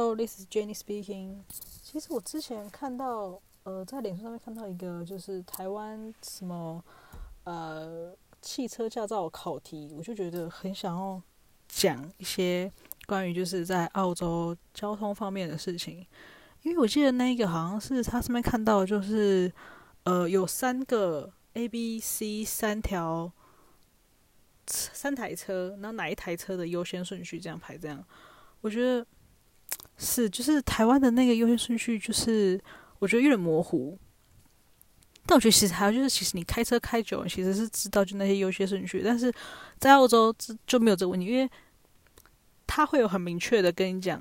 Hello, this is Jenny speaking. 其實我之前看到，呃，在臉書上面看到一個，就是台灣什麼，呃，汽車駕照考題，我就覺得很想要講一些關於就是在澳洲交通方面的事情，因為我記得那一個好像是他上面看到就是，呃，有三個 A、B、C 三條三台車，然後哪一台車的優先?順序這樣排這樣，我覺得。是，就是台灣的那個優先順序，就是我覺得有點模糊。但我覺得其實還有，就是其實你開車開久，其實是知道就那些優先順序。但是在澳洲就沒有這個問題，因為他會有很明確的跟你講，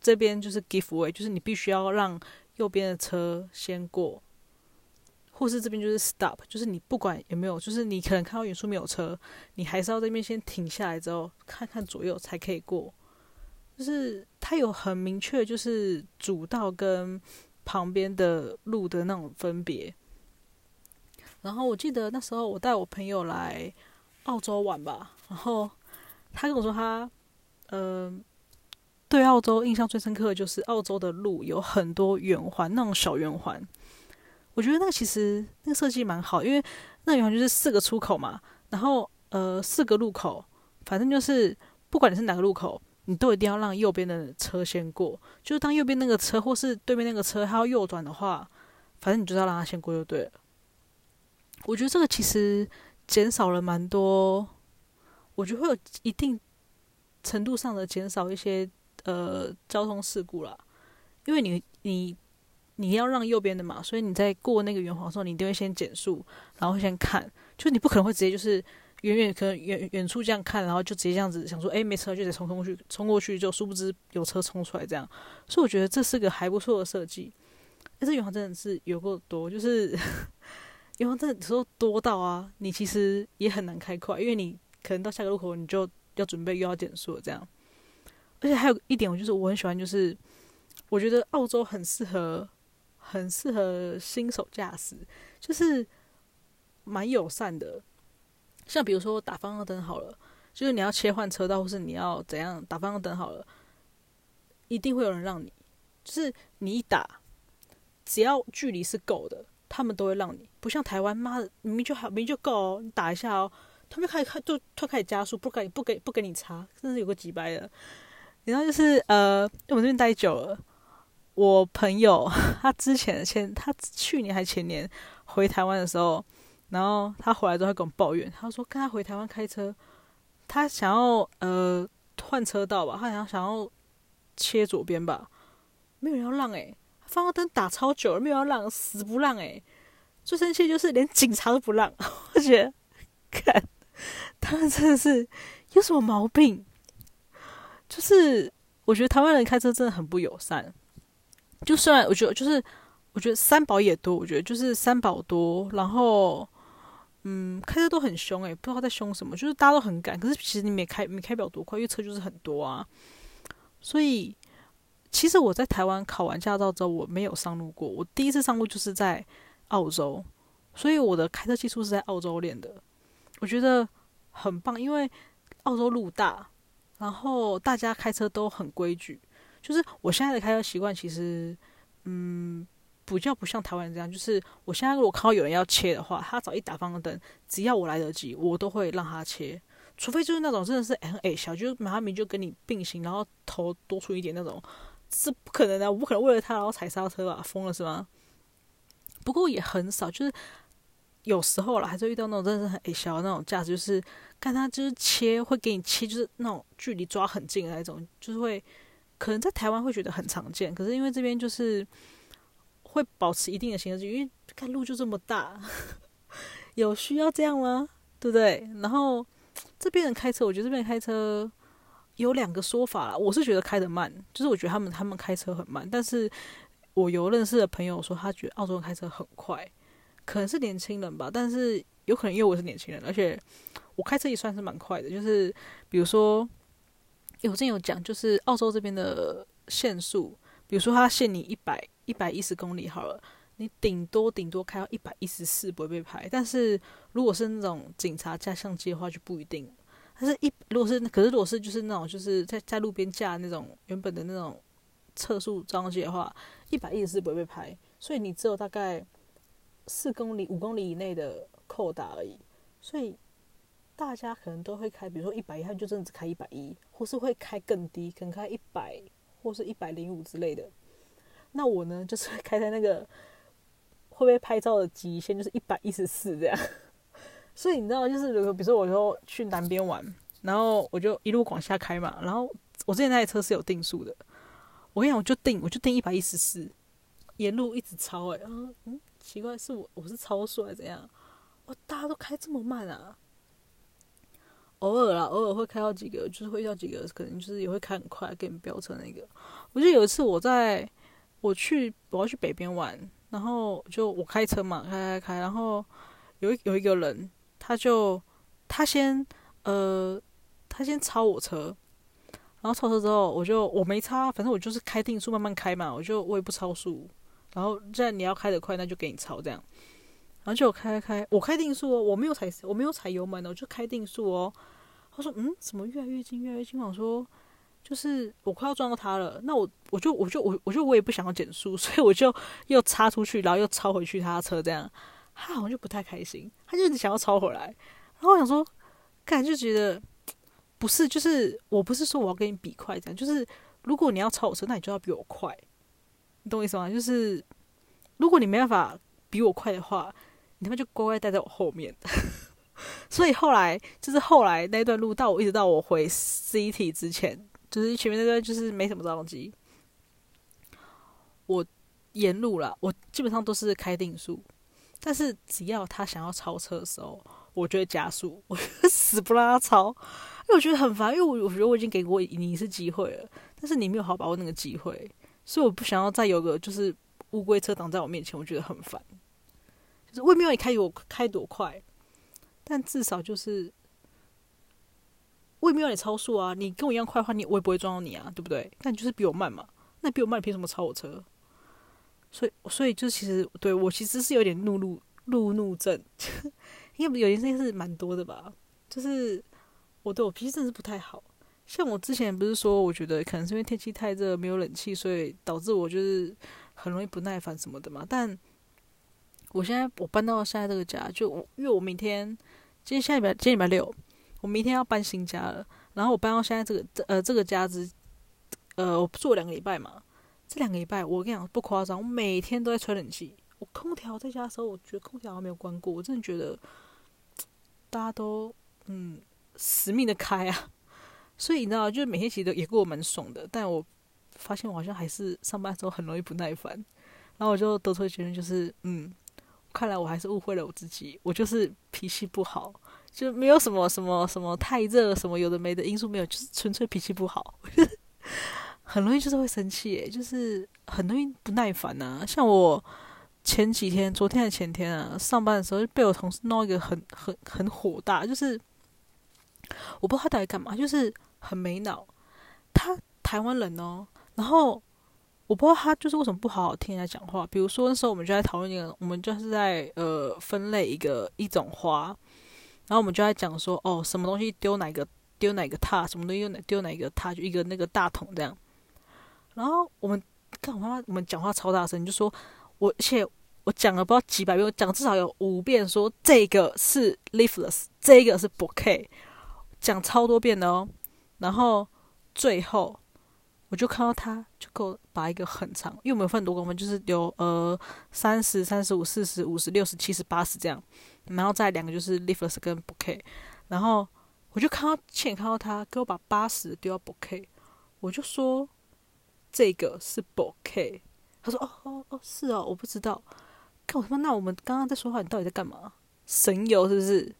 這邊就是 give way，就是你必須要讓右邊的車先過，或是這邊就是 stop，就是你不管有沒有，就是你可能看到遠處沒有車，你還是要這邊先停下來，之後看看左右才可以過。就是它有很明確，就是主道跟旁邊的路的那種分別。然後我記得那時候我帶我朋友來澳洲玩吧，然後他跟我說他，嗯，對澳洲印象最深刻的就是澳洲的路有很多圓環，那種小圓環。我覺得那個其實那個設計蠻好，因為那圓環就是四個出口嘛，然後呃四個路口，反正就是不管你是哪個路口。你都一定要讓右邊的車先過，就是當右邊那個車或是對面那個車，它要右轉的話，反正你就是要讓它先過就對了。我覺得這個其實減少了蠻多，我覺得會有一定程度上的減少一些呃交通事故啦。因為你你你要讓右邊的嘛，所以你在過那個圓環的時候，你一定會先減速，然後會先看，就是你不可能會直接就是。遠遠可能遠遠處這樣看，然後就直接這樣子想說，哎、欸，沒車就得衝過去，衝過去，就殊不知有車衝出來這樣。所以我覺得這是個還不錯的設計。但是圓環真的是有夠多，就是圓環真的時候多到啊，你其實也很難開快，因為你可能到下個路口，你就要準備又要減速這樣。而且還有一點，我就是我很喜歡，就是我覺得澳洲很適合，很適合新手駕駛，就是蠻友善的。像比如說打方向燈好了，就是你要切換車道，或是你要怎樣打方向燈好了，一定會有人讓你。就是你一打，只要距離是夠的，他們都會讓你。不像台灣，媽的，明明就好，明明就夠哦，你打一下哦，他們就開始開，就他開始加速，不給不給不給你插，真是有個幾百的。然後就是呃，我們這邊待久了，我朋友他之前前他去年還前年回台灣的時候。然後他回來之後，他跟我抱怨，他說：“跟他回台灣開車，他想要呃換車道吧，他想要想要切左邊吧，沒有要讓哎、欸，方向燈打超久了，沒有要讓，死不讓哎、欸。最生氣的就是連警察都不讓， 我覺得，看他們真的是有什麼毛病？就是我覺得台灣人開車真的很不友善。就雖然我覺得，就是我覺得三寶也多，我覺得就是三寶多，然後。”嗯，開車都很兇哎、欸，不知道在兇什麼，就是大家都很趕。可是其實你沒開，沒開不了多快，因為車就是很多啊。所以其實我在台灣考完駕照之後，我沒有上路過。我第一次上路就是在澳洲，所以我的開車技術是在澳洲練的。我覺得很棒，因為澳洲路大，然後大家開車都很規矩。就是我現在的開車習慣，其實嗯。.比較不像台灣人這樣，就是我現在如果看到有人要切的話，他早一打方向燈，只要我來得及，我都會讓他切，除非就是那種真的是很矮、欸、小，就是馬上明就跟你並行，然後頭多出一點那種，是不可能的、啊，我不可能為了他然後踩剎車吧？瘋了是嗎？不過也很少，就是有時候啦，還是遇到那種真的是很矮、欸、小的那種駕駛，就是看他就是切會給你切，就是那種距離抓很近的那種，就是會可能在台灣會覺得很常見，可是因為這邊就是。會保持一定的行車距離，因為看路就這麼大， 有需要這樣嗎？ 對不對？嗯、然後這邊人開車，我覺得這邊人開車有兩個說法了。我是覺得開得慢，就是我覺得他們他們開車很慢。但是，我有認識的朋友說，他覺得澳洲開車很快，可能是年輕人吧。但是，有可能因為我是年輕人，而且我開車也算是蠻快的。就是比如說，有之前有講，就是澳洲這邊的限速，比如說他限你一百。一百一十公里好了，你頂多頂多開到一百一十四不會被拍，但是如果是那種警察架相機的話就不一定。但是一，一如果是可是如果是就是那種就是在在路邊架那種原本的那種測速裝置的話，一百一十四不會被拍，所以你只有大概四公里五公里以內的扣打而已。所以大家可能都會開，比如說一百一，他們就真的只開一百一，或是會開更低，可能開一百或是一百零五之類的。那我呢，就是開在那個會不會拍照的極限，就是一百一十四這樣。 所以你知道，就是如果比如說，我就去南邊玩，然後我就一路往下開嘛。然後我之前那台車是有定速的，我跟你講，我就定，我就定一百一十四，沿路一直超哎，欸，然後嗯，奇怪，是我我是超速還是怎樣？哇，哦，大家都開這麼慢啊！偶爾啦，偶爾會開到幾個，就是會遇到幾個，可能就是也會開很快，給你飆車那個。我記得有一次我在。我去，我要去北邊玩，然後就我開車嘛，開開開，然後有有一個人，他就他先呃，他先超我車，然後超車之後我，我就我沒超，反正我就是開定速慢慢開嘛，我就我也不超速，然後這樣你要開得快，那就給你超這樣，然後就我開開開，我開定速哦，我沒有踩，我沒有踩油門的，哦，我就開定速哦。他說嗯，怎麼越來越近，越來越近，我說。就是我快要撞到他了，那我我就我就我我就我也不想要減速，所以我就又插出去，然後又超回去他的車，這樣他好像就不太開心，他就一直想要超回來。然後我想說，感覺就覺得不是，就是我不是說我要跟你比快，這樣就是如果你要超我車，那你就要比我快，你懂我意思嗎？就是如果你沒辦法比我快的話，你他媽就乖乖待在我後面。 所以後來就是後來那段路，到我一直到我回 City 之前。就是前面那段就是沒什麼着急我沿路了，我基本上都是開定速，但是只要他想要超車的時候，我就會加速，我就死不讓他超，因為我覺得很煩。因為我我覺得我已經給過你一次機會了，但是你沒有好好把握那個機會，所以我不想要再有個就是烏龜車擋在我面前，我覺得很煩。就是未免你開有開多快，但至少就是。我也沒有你超速啊！你跟我一樣快的話，你我也不會撞到你啊，對不對？那你就是比我慢嘛，那你比我慢，憑什麼超我車？所以，所以就是其實對我其實是有點路怒路怒症。 因為有些事情是蠻多的吧。就是我對我脾氣真的是不太好。像我之前不是說，我覺得可能是因為天氣太熱，沒有冷氣，所以導致我就是很容易不耐煩什麼的嘛。但我現在我搬到了現在這個家，就因為我明天今天下禮拜，今天禮拜六。我明天要搬新家了，然後我搬到現在這個這呃這個家子，呃我住了兩個禮拜嘛，這兩個禮拜我跟你講不誇張，我每天都在吹冷氣，我空調在家的時候，我覺得空調還沒有關過，我真的覺得大家都嗯死命的開啊，所以你知道，就是每天其實都也過蠻爽的，但我發現我好像還是上班的時候很容易不耐煩，然後我就得出的結論，就是嗯，看來我還是誤會了我自己，我就是脾氣不好。就沒有什麼什麼什麼太熱什麼有的沒的因素沒有，就是純粹脾氣不好， 很容易就是會生氣、欸，就是很容易不耐煩吶、啊。像我前幾天、昨天的前天啊，上班的時候就被我同事鬧一個很很很火大，就是我不知道他到底幹嘛，就是很沒腦。他台灣人哦，然後我不知道他就是為什麼不好好聽人家講話。比如說那時候我們就在討論一個，我們就是在呃分類一個一種花。然後我們就來講說，哦，什麼東西丟哪個，丟哪個它，什麼東西丟哪丟哪個它，就一個那個大桶這樣。然後我們我媽媽，我們講話超大聲，就說我而且我講了不知道幾百遍，我講至少有五遍說，說這個是 leafless，這個是 book，講超多遍的哦。然後最後我就看到他就給我拔一個很長，因為我們有分多公分，我們就是有呃三十三十五四十五十六十七十八十這樣。然後再兩個就是 l i f t e s s 跟 b o o k e，然後我就看到親眼看到他給我把八十丟到 b o o k e，我就說這個是 b o o k e，他說哦哦哦是哦，我不知道。跟我說，那我們剛剛在說話，你到底在幹嘛？神遊是不是？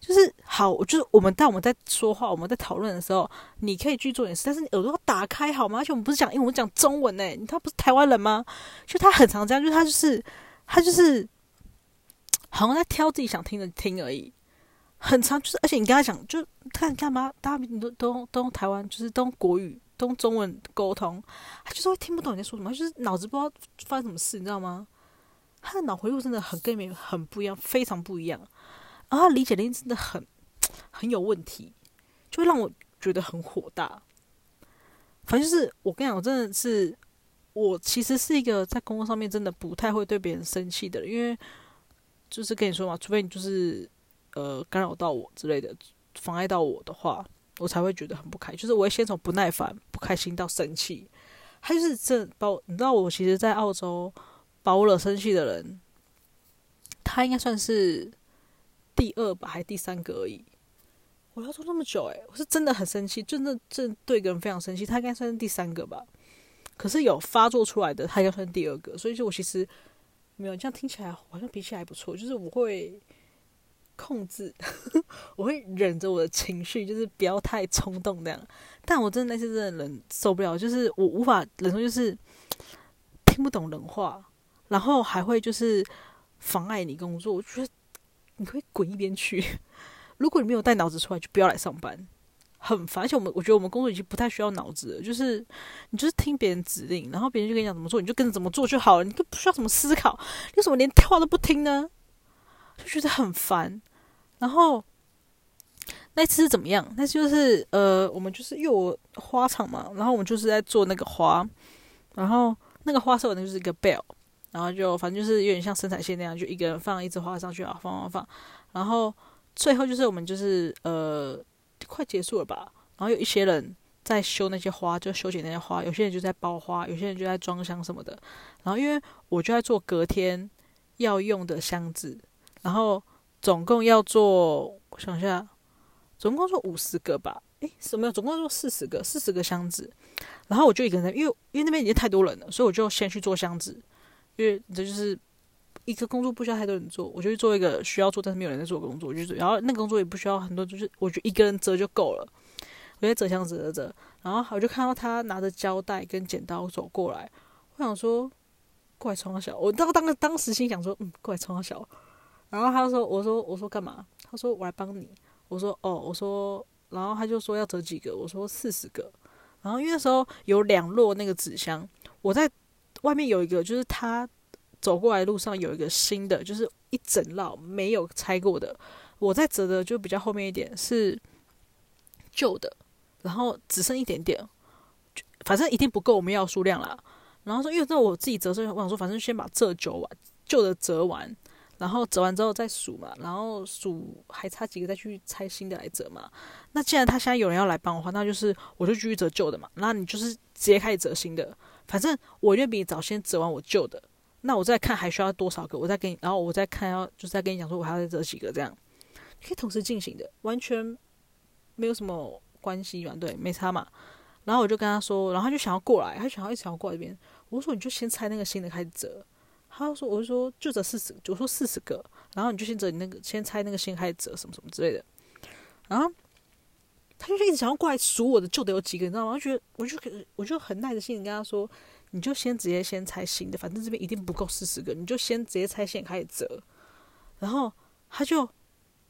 就是好，就是我們但我們在說話，我們在討論的時候，你可以去做點事，但是你耳朵要打開好嗎？而且我們不是講，因為我們講中文誒、欸，他不是台灣人嗎？就他很常這樣，就是他就是他就是。好像在挑自己想聽的聽而已，很常就是，而且你跟他講，就看幹嘛？大家你都都用都用台灣就是都國語，都中文溝通，他就是會聽不懂你在說什麼，就是腦子不知道發生什麼事，你知道嗎？他的腦回路真的很跟別人很不一樣，非常不一樣，然後他的理解力真的很很有問題，就會讓我覺得很火大。反正就是我跟你講，我真的是我其實是一個在工作上面真的不太會對別人生氣的人，因為。就是跟你說嘛，除非你就是，呃，干擾到我之類的，妨礙到我的話，我才會覺得很不開心。就是我會先從不耐煩、不開心到生氣。還就是這把，你知道我其實，在澳洲，把我惹生氣的人，他應該算是第二吧，還是第三個而已。我要做這麼久，欸，誒，我是真的很生氣，就那真的對一個人非常生氣，他應該算是第三個吧。可是有發作出來的，他應該算第二個，所以就我其實。沒有，這樣聽起來好像脾氣還不錯。就是我會控制， 我會忍着我的情緒，就是不要太衝動這樣。但我真的那些真的忍受不了，就是我無法忍受，就是聽不懂人話，然後還會就是妨礙你工作。我覺得你可以滾一邊去。如果你沒有帶腦子出來，就不要來上班。很煩，而且我們我覺得我們工作已經不太需要腦子了，就是你就是聽別人指令，然後別人就跟你講怎麼做，你就跟着怎麼做就好了，你都不需要怎麼思考，為什麼連電話都不聽呢？就覺得很煩。然後那次是怎麼樣？那次就是呃，我們就是又有花場嘛，然後我們就是在做那個花，然後那個花是可的就是一個 bell，然後就反正就是有點像生產線那樣，就一個人放一枝花上去啊，放放放，然後最後就是我們就是呃。快結束了吧，然後有一些人在修那些花，就修剪那些花；有些人就在包花，有些人就在裝箱什麼的。然後因為我就在做隔天要用的箱子，然後總共要做，我想一下，總共做五十個吧？哎、欸，什麼，沒有，總共做四十個，四十個箱子。然後我就一個人，因為因為那邊已經太多人了，所以我就先去做箱子，因為這就是。一個工作不需要太多人做，我就去做一個需要做但是沒有人在做的工作，就是，然後那個工作也不需要很多，就是我覺得一個人折就夠了。我在折箱子，折着，然後我就看到他拿着膠帶跟剪刀走過來，我想說過來衝三小。我當當當時心想說，嗯，過來衝三小。然後他就說，我說我說幹嘛？他說我來幫你。我說哦，我說，然後他就說要折幾個？我說四十個。然後因為那時候有兩摞那個紙箱，我在外面有一個，就是他。走過來路上有一個新的，就是一整繞沒有拆過的。我在折的就比較後面一點是舊的，然後只剩一點點，就反正一定不夠我們要數量啦，然後說，因為那我自己折的時候，我想說，反正先把這舊碗舊的折完，然後折完之後再數嘛，然後數還差幾個再去拆新的來折嘛。那既然他現在有人要來幫我的話，那就是我就繼續折舊的嘛。那你就是直接開始折新的，反正我就比你早先折完我舊的。那我再看還需要多少個，我再給你，然後我再看要，就是再跟你講說，我還要再折幾個這樣，可以同時進行的，完全沒有什麼關係嘛，對，沒差嘛。然後我就跟他說，然後他就想要過來，他就想要一直想要過來這邊。我說，你就先拆那個新的開始折。他就說，我就說就折四十，我說四十個，然後你就先折你那個，先拆那個新的開始折什麼什麼之類的。然後他就一直想要過來數我的舊的有幾個，你知道嗎？我就覺得我就可，我就很耐着性子跟他說。你就先直接先拆新的，反正這邊一定不夠四十個，你就先直接拆線開始折，然後他就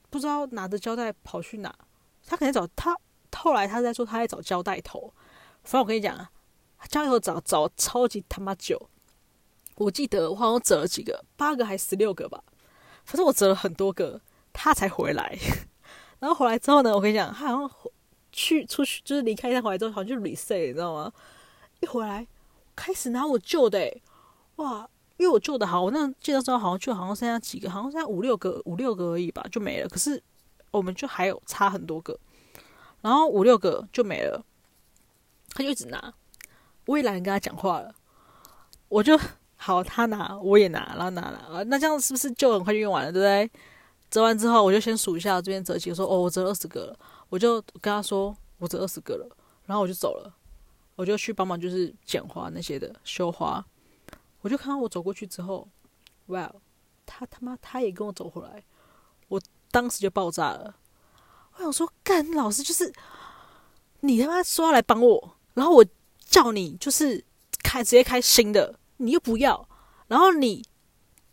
不知道拿着膠帶跑去哪，他肯定找他。後來他在說他在找膠帶頭，反正我跟你講啊，膠帶頭找找超級他媽久，我記得我好像折了幾個，八個還是十六個吧，反正我折了很多個，他才回來。 然後回來之後呢，我跟你講，他好像去出去就是離開一趟回來之後好像就旅社，你知道嗎？一回來。開始拿我舊的、欸，哇！因為我舊的好，我那接到之後好像就好像剩下幾個，好像剩下五六個、五六個而已吧，就沒了。可是我們就還有差很多個，然後五六個就沒了。他就一直拿，我也懶得跟他講話了。我就好，他拿我也拿，然後拿拿拿，那這樣是不是就很快就用完了，對不對？折完之後，我就先數一下這邊折幾，說哦，我折二十個了，我就跟他說我折二十個了，然後我就走了。我就去幫忙，就是剪花那些的修花。我就看到我走過去之後，哇、wow，他他媽他也跟我走回來，我當時就爆炸了。我想說，幹老師就是你他媽說要來幫我，然後我叫你就是開直接開新的，你又不要，然後你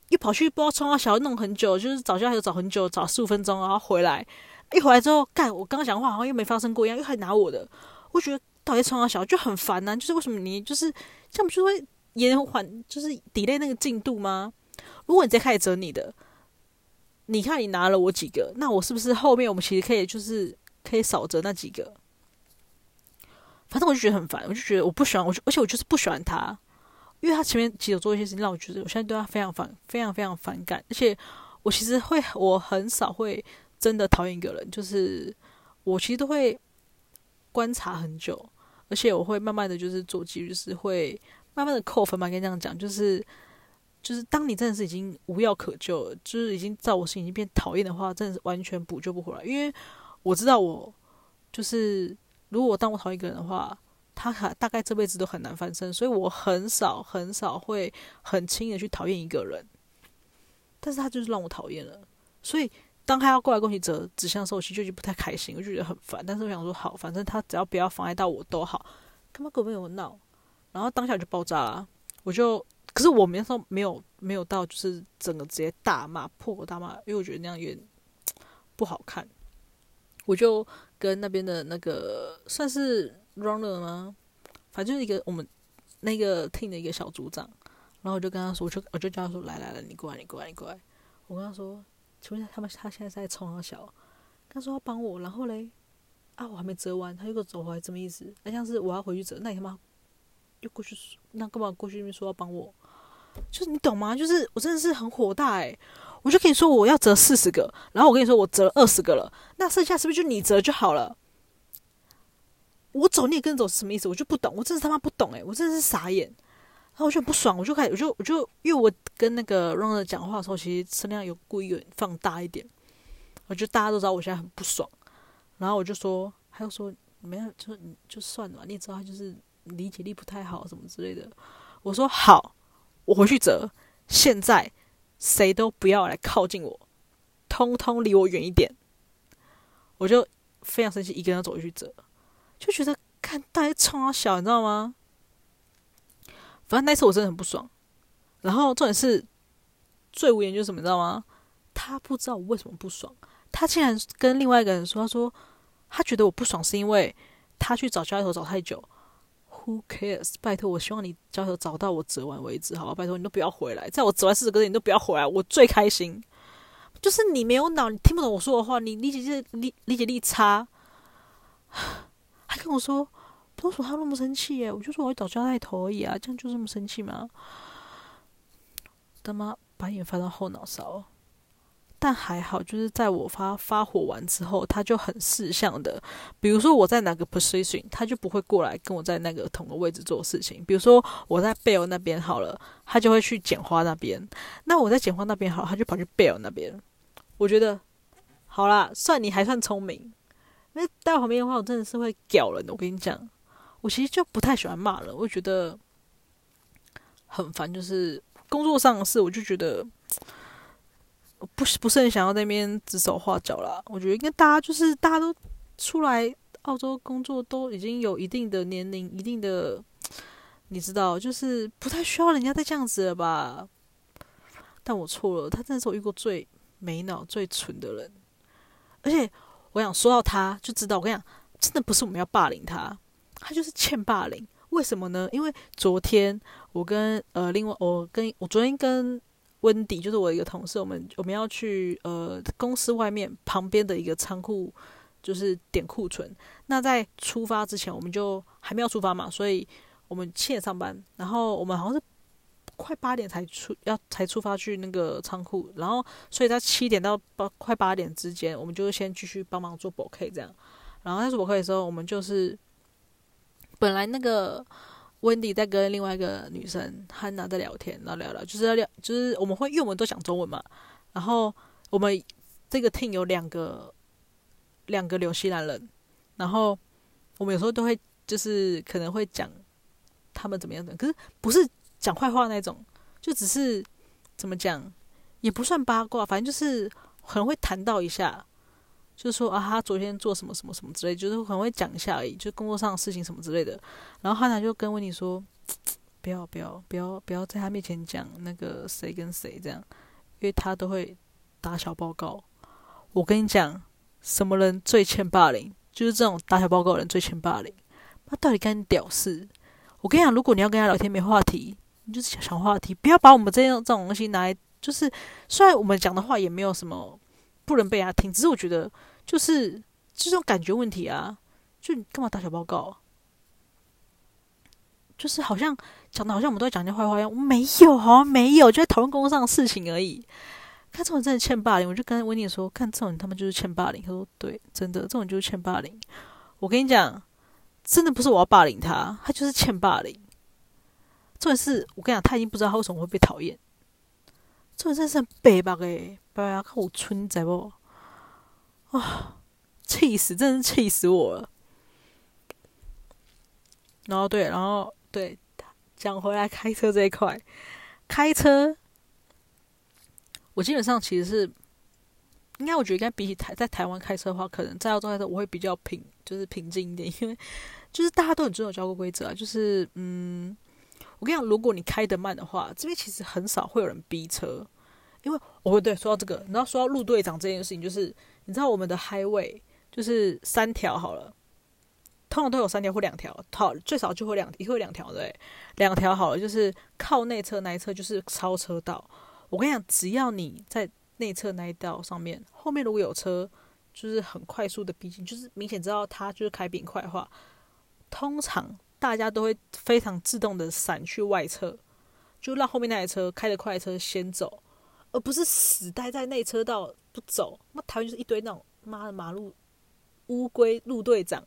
又跑去不知道衝到小弄很久，就是找膠還有找很久，找四五分鐘，然後回來，一回來之後，幹我剛剛講的話好像又沒發生過一樣，又還拿我的，我覺得。到底從小就很煩呢、啊，就是為什麼你就是這樣，不就會延緩就是 delay 那個進度嗎？如果你再開始折你的，你看你拿了我幾個，那我是不是後面我們其實可以就是可以少折那幾個？反正我就覺得很煩，我就覺得我不喜歡，我就而且我就是不喜歡他，因為他前面其實有做一些事情讓我覺得我現在對他非常反，非常非常反感。而且我其實會，我很少會真的討厭一個人，就是我其實都會。觀察很久，而且我會慢慢的就是做，就是會慢慢的扣分嘛。跟你這樣講，就是就是當你真的是已經無藥可救了，就是已經在我心裡已經變討厭的話，真的是完全補救不回來。因為我知道我，我就是如果我當我討厭一個人的話，他大概這輩子都很難翻身。所以我很少很少會很輕易的去討厭一個人，但是他就是讓我討厭了，所以。當他要過來恭喜哲指向的時候，其實就已經不太開心，我就覺得很煩。但是我想說，好，反正他只要不要妨礙到我都好，幹嘛跟我鬧？然後當下就爆炸了。我就，可是我那時候沒有沒有到，就是整個直接大罵破口大罵，因為我覺得那樣有點不好看。我就跟那邊的那個算是 runner 嗎？反正一個我們那個 team 的一個小組長，然後我就跟他說，我就我就叫他說，來來來，你過來你過來你過來，我跟他說。請問一下，他們他現在在衝上、啊、小，他說要幫我，然後嘞，啊，我還沒折完，他又給我走回來，什麼意思？那像是我要回去折，那你他媽又過去，那他幹嘛過去那邊說要幫我？就是你懂嗎？就是我真的是很火大誒、欸，我就跟你說，我要折四十個，然後我跟你說我折了二十個了，那剩下是不是就你折就好了？我走你也跟着走是什麼意思？我就不懂，我真是他媽不懂誒、欸，我真的是傻眼。啊、我就很不爽，我就開始，我就我就，因為我跟那個 Ronnie 講話的時候，其實聲量有故意放大一點。我就大家都知道我現在很不爽，然後我就說，他就說，沒有，就就算了。你也知道，他就是理解力不太好，什麼之類的。我說好，我回去折。現在誰都不要來靠近我，通通離我遠一點。我就非常生氣，一個人要走回去折，就覺得看大家衝三小，你知道嗎？反正那次我真的很不爽，然後重點是，最無言就是什麼，你知道嗎？他不知道我為什麼不爽，他竟然跟另外一個人說，他說他覺得我不爽是因為他去找膠頭找太久。Who cares？拜託，我希望你膠頭找到我折完為止，好吧？拜託你都不要回來，在我折完四十個字，你都不要回來，我最開心。就是你沒有腦，你聽不懂我說的話，你理解力、理理解力差，還跟我說。都說他那麼生氣耶，欸，我就說我會找膠帶頭而已啊，這樣就這麼生氣嘛，他媽把眼發到後腦勺。但還好，就是在我發發火完之後，他就很識相的，比如說我在哪個 position，他就不會過來跟我在那個同個位置做事情。比如說我在貝爾那邊好了，他就會去剪花那邊。那我在剪花那邊好了，他就跑去貝爾那邊。我覺得，好啦，算你還算聰明，因為在我旁邊的話，我真的是會屌人的。我跟你講。我其實就不太喜歡罵人，我覺得很煩。就是工作上的事，我就覺得我不不是很想要在那邊指手畫腳啦。我覺得應該大家就是大家都出來澳洲工作，都已經有一定的年齡，一定的你知道，就是不太需要人家再這樣子了吧？但我錯了，他真的是我遇過最沒腦、最蠢的人。而且我想說到他，就知道我跟你講，真的不是我們要霸凌他。他就是欠霸凌，為什麼呢？因為昨天我跟呃，另外我跟我昨天跟溫迪，就是我一個同事，我們我們要去呃公司外面旁邊的一個倉庫，就是點庫存。那在出發之前，我們就還沒有出發嘛，所以我們七點上班，然後我們好像是快八點才出要才出發去那個倉庫，然後所以在七點到八快八點之間，我們就先繼續幫忙做博 k 這樣。然後在做博 k 的時候，我們就是。本來那個 Wendy 在跟另外一個女生 Hannah 在聊天，然後聊聊，就是要聊，就是我們會因為我們都講中文嘛。然後我們這個 team 有兩個兩個紐西蘭人，然後我們有時候都會就是可能會講他們怎麼樣的，可是不是講壞話那種，就只是怎麼講，也不算八卦，反正就是可能會談到一下。就是說啊，他昨天做什麼什麼什麼之類，就是可能會講一下而已，就是、工作上的事情什麼之類的。然後漢娜就跟 Winnie 說嘖嘖：“不要不要不要不要在他面前講那個誰跟誰這樣，因為他都會打小報告。”我跟你講，什麼人最欠霸凌？就是這種打小報告的人最欠霸凌。他到底幹屌事？我跟你講，如果你要跟他聊天沒話題，你就是想想話題，不要把我們這樣這種東西拿來。就是雖然我們講的話也沒有什麼不能被他、啊、聽，只是我覺得。就是就這種感覺問題啊！就你幹嘛打小報告、啊？就是好像講的好像我們都在講一些壞話一樣，我沒有哦，好像沒有，就在討論工作上的事情而已。看這種人真的欠霸凌，我就跟溫妮說：看這種人，他們就是欠霸凌。他說：對，真的，這種人就是欠霸凌。我跟你講，真的不是我要霸凌他，他就是欠霸凌。重點是我跟你講，他已經不知道他為什麼會被討厭。重點真的是很白白、欸，白吧，誒，白啊，看我存在不？啊、哦！氣死，真是氣死我了。然後對，然後對，講回來開車這一塊，開車，我基本上其實是，應該我覺得應該比起台在台灣開車的話，可能在澳洲開車我會比較平，就是平靜一點，因為就是大家都很遵守交通規則啊。就是嗯，我跟你講，如果你開得慢的話，這邊其實很少會有人逼車，因為哦對，說到這個，然後說到陸隊長這件事情，就是。你知道我們的 Highway 就是三條好了，通常都有三條或兩條，好，最少就會兩，一會兩條對，兩條好了，就是靠內側那一側就是超車道。我跟你講，只要你在內側那一道上面，後面如果有車，就是很快速的逼近，就是明顯知道他就是開比較快的話，通常大家都會非常自動的閃去外側，就讓後面那台車開的快車先走，而不是死待在內車道。不走，那台灣就是一堆那種媽的馬路烏龜路隊長，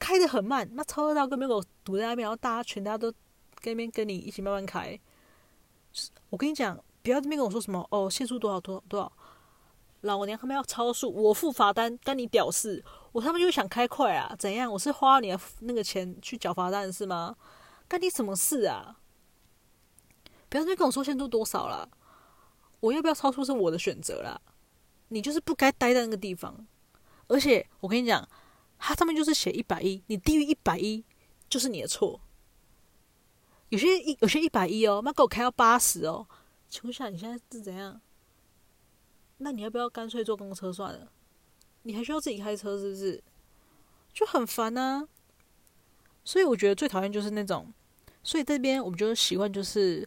開得很慢，那超車道跟沒有堵在那邊，然後大家全家都跟那邊跟你一起慢慢開。就是，我跟你講，不要這邊跟我說什麼哦，限速多少多少多少，老娘他們要超速，我付罰單，干你屌事！我他媽就想開快啊，怎樣？我是花你的那個錢去繳罰單是嗎？干你什麼事啊？不要再跟我說限速多少了，我要不要超速是我的選擇啦。你就是不該待在那個地方，而且我跟你講，它上面就是寫一百一，你低於一百一就是你的錯。有些一有些一百一哦，媽給我開到八十哦，請問下你現在是怎樣？那你要不要乾脆坐公車算了？你還需要自己開車是不是？就很煩呢啊。所以我覺得最討厭就是那種，所以這邊我們就是習慣就是。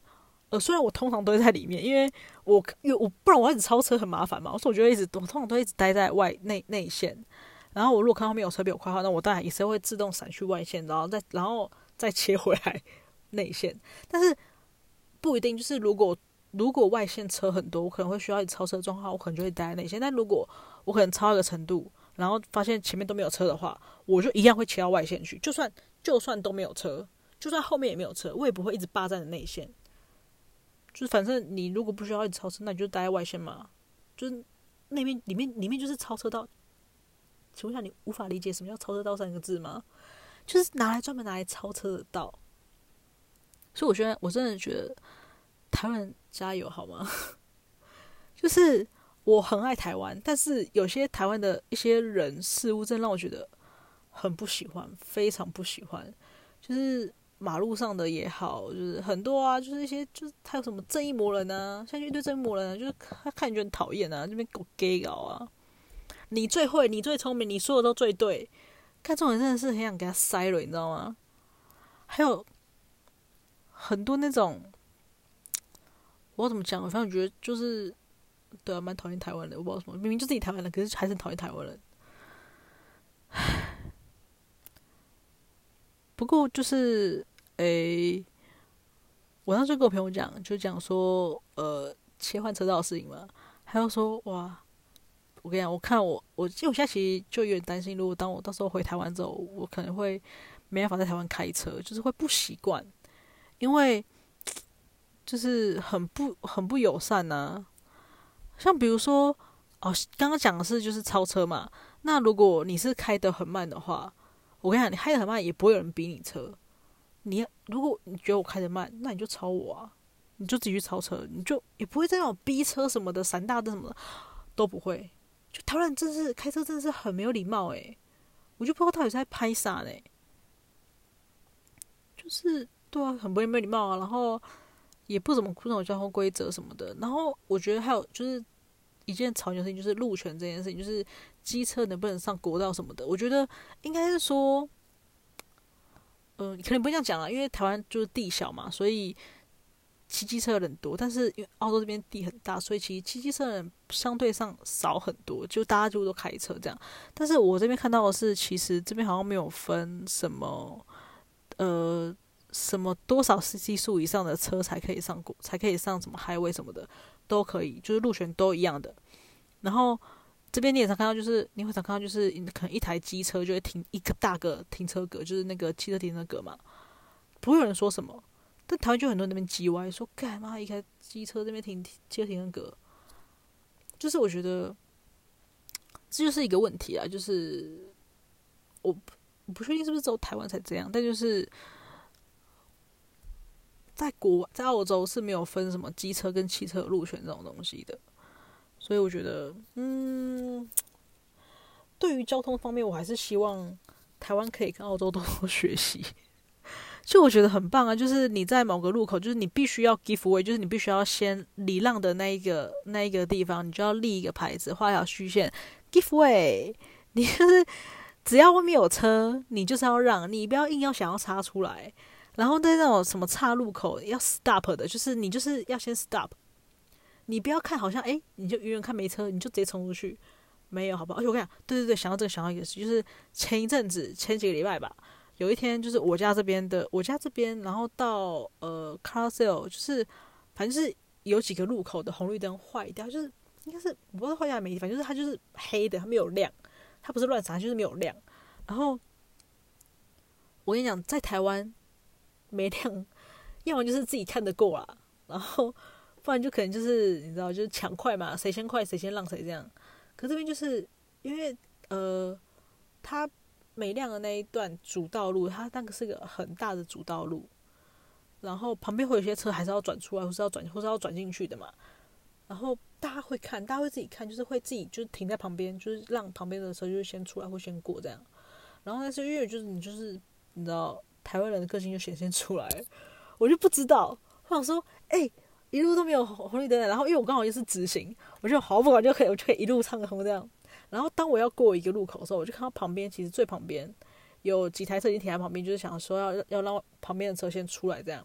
呃，雖然我通常都會在裡面，因為我因為我，我不然我一直超車很麻煩嘛，所以我覺得一直我通常都一直待在外內內線。然後我如果看到沒有車比我快的話，那我當然也是會自動閃去外線，然後再然後再切回來內線。但是不一定，就是如果如果外線車很多，我可能會需要去超車狀況，我可能就會待在內線。但如果我可能超一個程度，然後發現前面都沒有車的話，我就一樣會騎到外線去。就算就算都沒有車，就算後面也沒有車，我也不會一直霸佔着內線。就是，反正你如果不需要一直超車，那你就待在外線嘛。就是那邊裡面裡面就是超車道。請問一下，你無法理解什麼叫超車道三個字嗎？就是拿來專門拿來超車的道。所以，我覺得我真的覺得台灣人加油好嗎？就是我很愛台灣，但是有些台灣的一些人事物，真的讓我覺得很不喜歡，非常不喜歡。就是。馬路上的也好，就是很多啊，就是一些，就是他有什麼正義魔人啊，像一堆正義魔人，啊，就是他看你就很討厭啊。這邊狗 gay 啊，你最會，你最聰明，你說的都最對。看這種人真的是很想給他塞了，你知道嗎？還有很多那種，我怎麼講？我反正覺得就是，對啊，蠻討厭台灣的，我不知道什麼，明明就自己台灣的，可是還是很討厭台灣人。唉，不過就是。哎、欸，我那時候就跟我朋友講，就講說，呃，切換車道的事情嘛。他就說，哇，我跟你講，我看我，我因為我現在就有點擔心，如果當我到時候回台灣之後，我可能會沒辦法在台灣開車，就是會不習慣，因為就是很不很不友善吶、啊。像比如說，哦，剛剛講的是就是超車嘛。那如果你是開得很慢的話，我跟你講，你開得很慢也不會有人逼你車。你如果你覺得我開的慢，那你就超我啊，你就自己去超車，你就也不會在那種逼車什麼的，閃大燈什麼的都不會。就台灣真是開車真的是很沒有禮貌誒、欸，我就不知道到底是在拍啥呢、欸，就是對啊，很不禮貌啊，然後也不怎麼遵守交通規則什麼的。然後我覺得還有就是一件吵人的事情，就是路權這件事情，就是機車能不能上國道什麼的，我覺得應該是說。嗯，可能不會這樣講啊，因為台灣就是地小嘛，所以騎機車的人多。但是因為澳洲這邊地很大，所以其實騎機車的人相對上少很多，就大家就都開車這樣。但是我這邊看到的是，其實這邊好像沒有分什麼，呃，什麼多少 cc 數以上的車才可以上過，才可以上什麼 Highway 什麼的，都可以，就是路權都一樣的。然後。這邊你也常看到，就是你會常看到，就是可能一台機車就會停一個大個停車格，就是那個汽車停車格嘛，不會有人說什麼。但台灣就很多人那邊嘰歪說，幹嘛一台機車這邊停汽車停車格，就是我覺得這就是一個問題啊，就是我不我不確定是不是只有台灣才這樣，但就是在國外，在澳洲是沒有分什麼機車跟汽車的路權這種東西的。所以我覺得，嗯，對於交通方面，我還是希望台灣可以跟澳洲多多學習。 就我覺得很棒啊，就是你在某個路口，就是你必須要 give way，就是你必須要先禮讓的那一個那一個地方，你就要立一個牌子，畫一條虛線，give way。give way，你就是只要外面有車，你就是要讓，你不要硬要想要插出來。然後在那種什麼岔路口要 stop 的，就是你就是要先 stop。你不要看，好像哎、欸，你就遠遠看沒車，你就直接衝出去，沒有好不好？而且我跟你講，對對對，想到這個，想到一個事，就是前一陣子，前幾個禮拜吧，有一天就是我家這邊的，我家這邊，然後到呃 c a r l 就是反正是有幾個路口的紅綠燈壞掉，就是應該是不是壞掉也沒，反正就是它就是黑的，它沒有亮，它不是亂閃，就是沒有亮。然後我跟你講，在台灣沒亮，要麼就是自己看得過啊然後。不然就可能就是你知道，就是搶快嘛，誰先快誰先讓誰這樣。可這邊就是因為呃，它每輛的那一段主道路，它那個是個很大的主道路，然後旁邊會有些車還是要轉出來，或是要轉，或是要轉進去的嘛。然後大家會看，大家會自己看，就是會自己就是停在旁邊，就是讓旁邊的車就是先出來或先過這樣。然後但是因為就是你就是你知道，台灣人的個性就顯現出來，我就不知道，我想說，哎、欸。一路都沒有紅綠燈，然後因為我剛好就是直行，我就毫不管就可以，我就可以一路暢通這樣。然後當我要過一個路口的時候，我就看到旁邊其實最旁邊有幾台車已經停在旁邊，就是想說要要讓旁邊的車先出來這樣。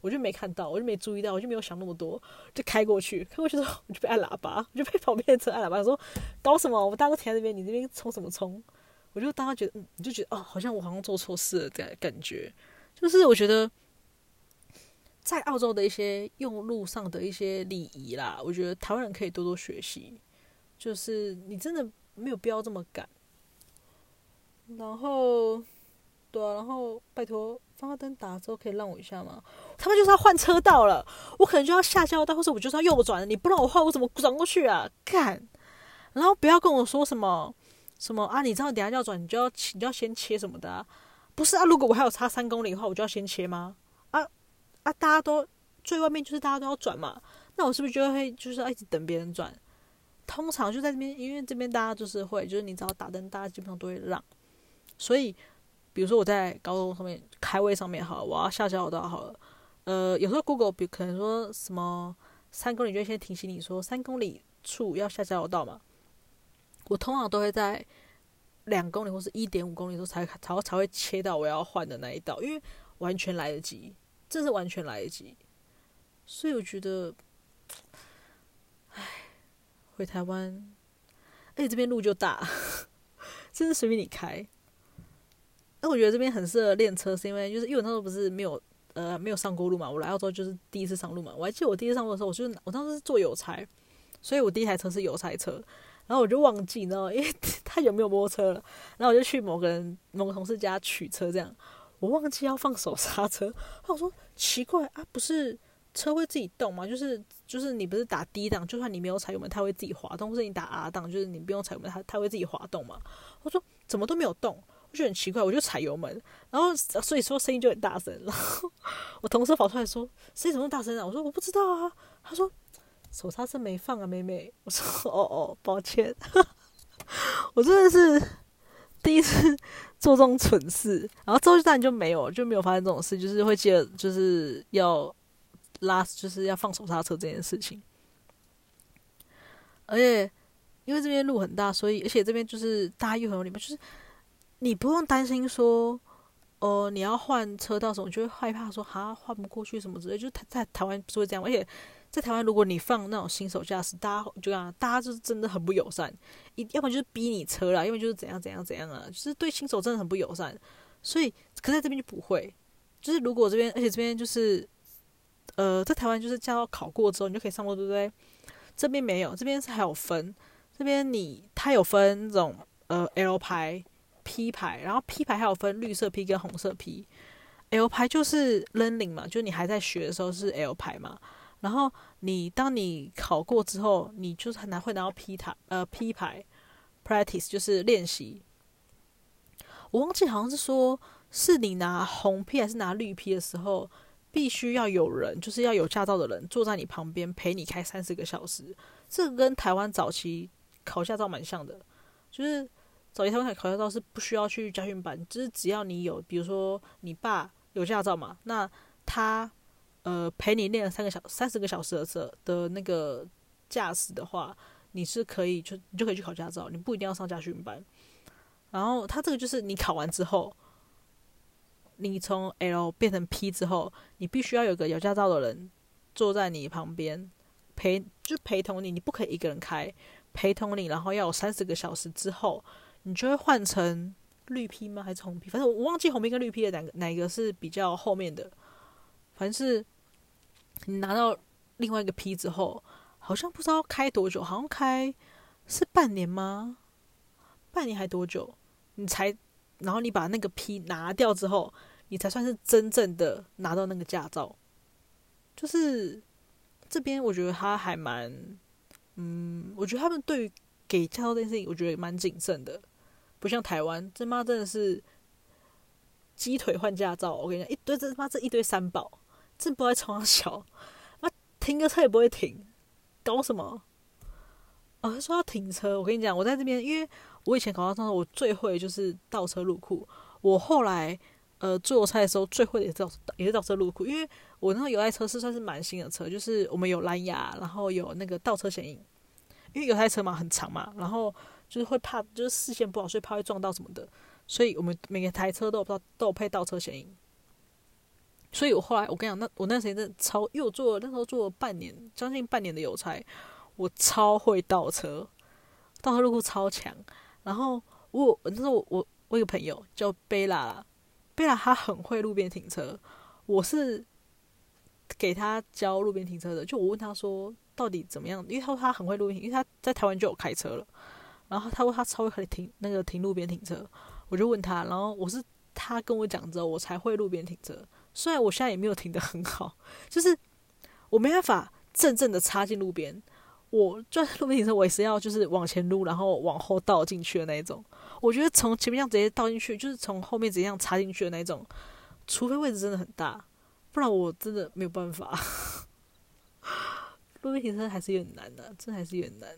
我就沒看到，我就沒注意到，我就沒有想那麼多，就開過去。開過去之後，我就被按喇叭，我就被旁邊的車按喇叭，說：“搞什麼？我們大家都停在這邊，你那邊衝什麼衝？”我就當他覺得，嗯，你就覺得哦，好像我好像做錯事了，這樣感覺，就是我覺得。在澳洲的一些用路上的一些禮儀啦，我覺得台灣人可以多多學習。就是你真的沒有必要這麼趕。然後，對啊，然後拜托，方向燈打之後可以讓我一下嗎？他們就是要換車道了，我可能就要下交道，或者我就，就是要右轉了，你不讓我換，我怎麼轉過去啊？幹！然後不要跟我說什麼什麼啊，你知道等下要轉，你就要你就要先切什麼的啊？不是啊，如果我還有差三公里的話，我就要先切嗎？啊！大家都最外面就是大家都要轉嘛，那我是不是就會就是要一直等別人轉？通常就在這邊，因為這邊大家就是會，就是你只要打燈，大家基本上都會讓。所以，比如說我在高速公路上面開位上面，好了，我要下交流道好了。呃，有時候 Google 比可能說什麼三公里就先提醒你說三公里處要下交流道嘛。我通常都會在兩公里或是一點五公里的時候才才才會切到我要換的那一道，因為完全來得及。真是完全來得及，所以我覺得，哎，回台灣，而且，這邊路就大，真是隨便你開。那我覺得這邊很適合練車，是因為就是因為我那時候不是沒有呃沒有上過路嘛，我來澳洲就是第一次上路嘛，我還記得我第一次上路的時候，我就是我當時是坐郵差，所以我第一台車是郵差車，然後我就忘記，然後因為太久沒有摸車了，然後我就去某個人某同事家取車這樣。我忘記要放手剎車，我說奇怪啊，不是車會自己動嗎？就是就是你不是打 D 檔，就算你沒有踩油門，它會自己滑動；或者你打 R 檔，就是你不用踩油門，它它會自己滑動嘛？我說怎麼都沒有動，我就很奇怪，我就踩油門，然後所以說聲音就很大聲。然後我同事跑出來說：“聲音怎麼那麼大聲啊？”我說：“我不知道啊。”他說：“手剎車沒放啊，妹妹。”我說：“哦哦，抱歉， 我真的是。”第一次做這種蠢事，然後之後就當然就沒有，就沒有發生這種事，就是會記得就是要拉，就是要放手剎車這件事情。而且因為這邊路很大，所以而且這邊就是大家又很有禮貌，就是你不用擔心說，哦、呃，你要換車到時候你就會害怕說哈換不過去什麼之類，就他在，在台灣不是會這樣，而且。在台灣，如果你放那種新手駕駛，大家就這樣，大家就是真的很不友善，一，要麼就是逼你車啦，要麼就是怎樣怎樣怎樣啊，就是對新手真的很不友善。所以，可是在這邊就不會，就是如果這邊，而且這邊就是，呃，在台灣就是駕照考過之後，你就可以上路，對不對？這邊沒有，這邊是還有分，這邊你它有分那種呃 L 牌、P 牌，然後 P 牌還有分綠色 P 跟紅色 P，L 牌就是 learning 嘛，就是你還在學的時候是 L 牌嘛。然後你當你考過之後，你就是拿會拿到 P 塔，呃 P 牌，practice 就是練習。我忘記好像是說，是你拿紅 P 還是拿綠 P 的時候，必須要有人，就是要有駕照的人坐在你旁邊陪你開三十個小時。這個跟台灣早期考駕照蠻像的，就是早期台灣考駕照是不需要去駕訓班，就是只要你有，比如說你爸有駕照嘛，那他。呃，陪你練了三個小三十個小時的車的那個駕駛的話，你是可以就你就可以去考駕照，你不一定要上駕訓班。然後它這個就是你考完之後，你從 L 變成 P 之後，你必須要有個有駕照的人坐在你旁邊陪，就陪同你，你不可以一個人開，陪同你，然後要有三十個小時之後，你就會換成綠 P 嗎？還是紅 P？反正我忘記紅 P 跟綠 P 的哪個哪個是比較後面的，反正是。你拿到另外一個 P 之後，好像不知道開多久，好像開是半年嗎？半年還多久？你才，然後你把那個 P 拿掉之後，你才算是真正的拿到那個駕照。就是這邊，我覺得他還蠻，嗯，我覺得他們對於給駕照這件事情，我覺得蠻謹慎的，不像台灣，這媽真的是雞腿換駕照。我跟你講，一堆這媽這一堆三寶。正不在車上笑，那、啊、停個車也不會停，搞什麼？哦、啊，他說要停車，我跟你講，我在這邊，因為我以前考駕照我最會就是倒車入庫。我後來呃坐我車的時候最會也是倒也是倒車入庫，因為我那個有台車是算是蠻新的車，就是我們有藍牙，然後有那個倒車顯影。因為有台車嘛很長嘛，然後就是會怕就是視線不好，所以怕會撞到什麼的，所以我們每個台車都有倒都有配倒車顯影。所以我後來，我跟你講，那我那時間真的超，因為我做那時候做了半年，將近半年的郵差，我超會倒車，倒車入庫超強。然後我那時候我我，我一個朋友叫貝拉，貝拉她很會路邊停車，我是給她教路邊停車的。就我問她說到底怎麼樣，因為她說她很會路邊，因為她在台灣就有開車了。然後她說她超會停那個停路邊停車，我就問她，然後我是她跟我講之後，我才會路邊停車。雖然我現在也沒有停得很好，就是我沒辦法真正的插進路邊。我就算路邊停車，我也是要就是往前擼，然後往後倒進去的那一種。我覺得從前面這樣直接倒進去，就是從後面直接這樣插進去的那一種，除非位置真的很大，不然我真的沒有辦法。 路邊停車還是有點難的，啊，真的還是有點難。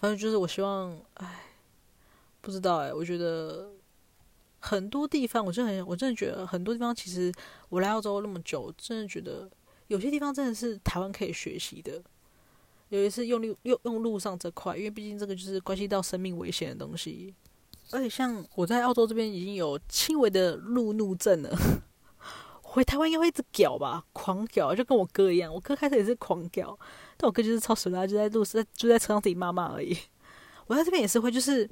反正就是我希望，哎，不知道哎，欸，我覺得。很多地方，我就很，我真的覺得很多地方，其實我來澳洲那麼久，真的覺得有些地方真的是台灣可以學習的。有一次用路用用路上這塊，因為畢竟這個就是關係到生命危險的東西。而且像我在澳洲這邊已經有輕微的路怒症了，回台灣應該會一直屌吧，狂屌，就跟我哥一樣。我哥開始也是狂屌，但我哥就是超水啦，啊，就在路上在就在車上自己罵罵而已。我在這邊也是會，就是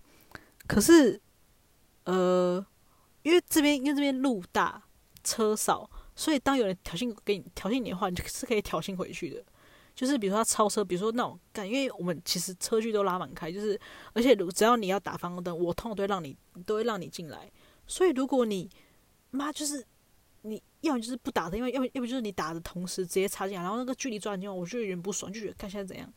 可是，呃。因為這邊因為這邊路大車少，所以當有人挑釁給你挑釁你的話，你就是可以挑釁回去的。就是比如說他超車，比如說那種幹，因為我們其實車距都拉滿開，就是而且如，只要你要打方向燈，我通常都會讓你都會讓你進來。所以如果你媽就是你要你就是不打燈，因為要要不就是你打的同時直接插進來，然後那個距離抓很近，我就有點不爽，就覺得看現在怎樣，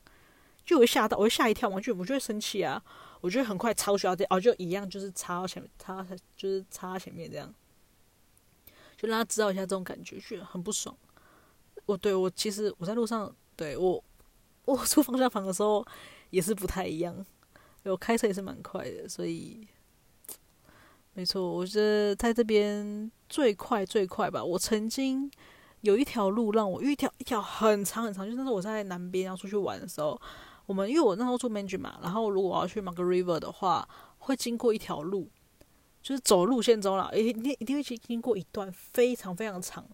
就我嚇到，我嚇一跳嘛，完就我就會生氣啊。我覺得很快超需要這樣哦，就一樣就是插到前面，插到前就是插到前面這樣，就讓他知道一下這種感覺，就很不爽。我對我其實我在路上對我我出方向盤的時候也是不太一樣，我開車也是蠻快的，所以沒錯，我覺得在這邊最快最快吧。我曾經有一條路讓我一條一條很長很長，就是那時候我在南邊要出去玩的時候。我們因為我那時候做 manager 嘛，然後如果我要去 Mack River 的話，會經過一條路，就是走路線中了，一定一定會去經過一段非常非常長，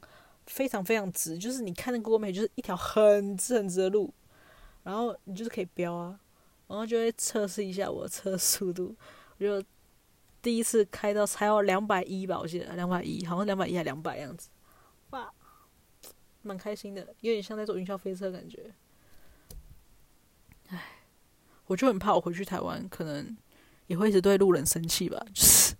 非常非常直，就是你看那過路面就是一條很直很直的路，然後你就是可以飆啊，然後就會測試一下我的車速度，我就第一次開到才要兩百一吧，我記得兩百一，210，好像兩百一還是兩百樣子，哇，蠻開心的，有點像在坐雲霄飛車的感覺。我就很怕，我回去台灣可能也會一直對路人生氣吧，就是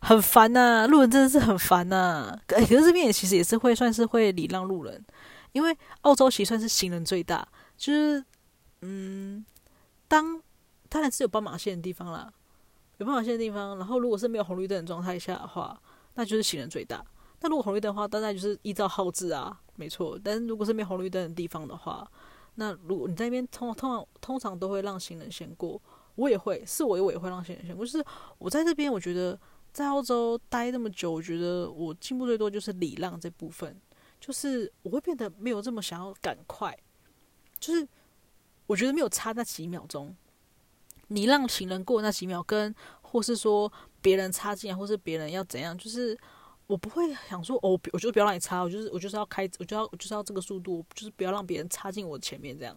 很煩吶、啊，路人真的是很煩吶、啊，欸。可是這邊也其實也是會算是會禮讓路人，因為澳洲其實算是行人最大，就是嗯，當當然是有斑馬線的地方啦，有斑馬線的地方，然後如果是沒有紅綠燈的狀態下的話，那就是行人最大。那如果紅綠燈的話，當然就是依照號志啊，沒錯。但是如果是沒有紅綠燈的地方的話，那如果你在那邊通通常通常都會讓行人先過，我也會，是我也會讓行人先過。就是我在這邊，我覺得在澳洲待這麼久，我覺得我進步最多就是禮讓這部分，就是我會變得沒有這麼想要趕快，就是我覺得沒有差那幾秒鐘，你讓行人過那幾秒跟，跟或是說別人插進來，或是別人要怎樣，就是。我不會想說哦，我就不要讓你插，我就是我就是要開，我就要我就是要這個速度，就是不要讓別人插進我前面這樣，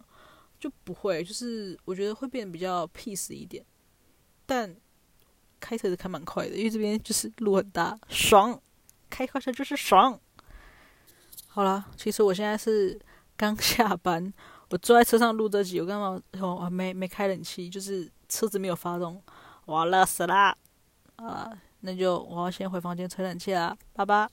就不會，就是我覺得會變得比較 peace 一點。但開車是開蠻快的，因爲這邊就是路很大，爽，開快車就是爽。好了，其實我現在是剛下班，我坐在車上錄這集，我幹嘛？我、哦、沒沒開冷氣，就是車子沒有發動，我熱死啦。啊！那就我要先回房間吹冷氣了，拜拜。